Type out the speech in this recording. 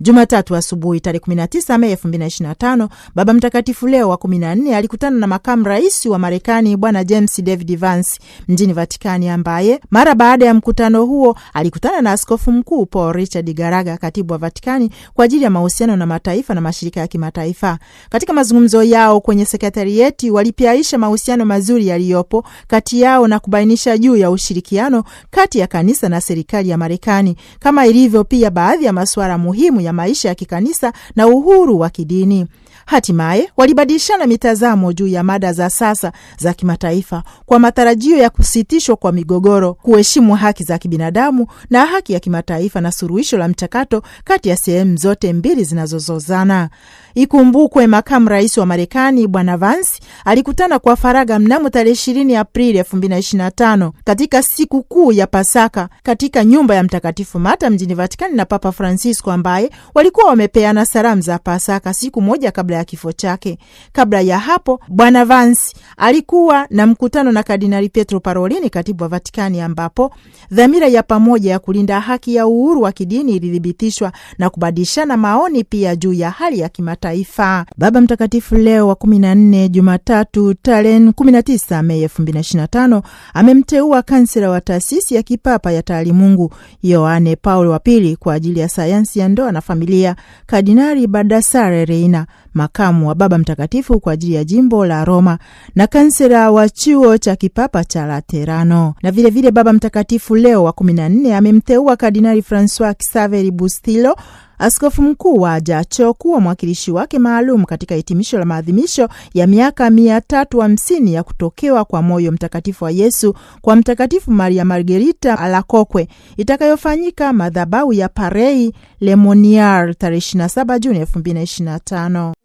Jumatatu asubuhi tarehe 19 Mei 2025 Baba Mtakatifu Leo wa 14 alikutana na makamu rais wa Marekani Bwana James David Vance mjini Vatikani, ambaye mara baada ya mkutano huo alikutana na askofu mkuu Paul Richard Garaga, katibu wa Vatikani kwa ajili ya mahusiano na mataifa na mashirika ya kimataifa. Katika mazungumzo yao kwenye sekretarieti, walipiaisha mahusiano mazuri yaliyopo kati yao na kubainisha juu ya ushirikiano kati ya kanisa na serikali ya Marekani, kama ilivyo pia baadhi ya masuala muhimu ya ya maisha ya kikanisa na uhuru wa kidini. Hatimaye walibadilishana mitazamo juu ya mada za sasa za kimataifa kwa matarajio ya kusitishwa kwa migogoro, kuheshimu haki za kibinadamu na haki ya kimataifa na suluhisho la mchakato kati ya sehemu zote mbili zinazozozana. Ikumbukwe makamu rais wa Marekani Bwana Vance alikutana kwa faragha mnamo tarehe ishirini Aprili elfu mbili na na tano katika siku kuu ya Pasaka katika nyumba ya Mtakatifu Mata mjini Vatikani na Papa Francisco ambaye walikuwa wamepeana salamu za Pasaka siku moja kabla ya kifo chake. Kabla ya hapo, Bwana Vansi alikuwa na mkutano na Kardinali petro Parolini, katibu wa Vatikani, ambapo dhamira ya pamoja ya kulinda haki ya uhuru wa kidini ilithibitishwa na kubadilishana maoni pia juu ya hali ya kimataifa. Baba Mtakatifu Leo wa 14 Jumatatu tarehe 19 Mei 2025 amemteua kansela wa taasisi ya kipapa ya taalimungu Yohane Paulo wa pili kwa ajili ya sayansi ya ndoa na familia Kardinali Baldassare Reina, makamu wa Baba Mtakatifu kwa ajili ya jimbo la Roma na kansela wa chuo cha kipapa cha Laterano. Na vilevile vile Baba Mtakatifu Leo wa kumi na nne amemteua Kardinali Francois Xaveri Bustilo Askofu mkuu wa Ajaccio kuwa mwakilishi wake maalum katika hitimisho la maadhimisho ya miaka mia tatu hamsini ya kutokewa kwa moyo mtakatifu wa Yesu kwa Mtakatifu Maria Margherita Alakokwe itakayofanyika madhabahu ya Parei Lemoniar tarehe 27 Juni 2025.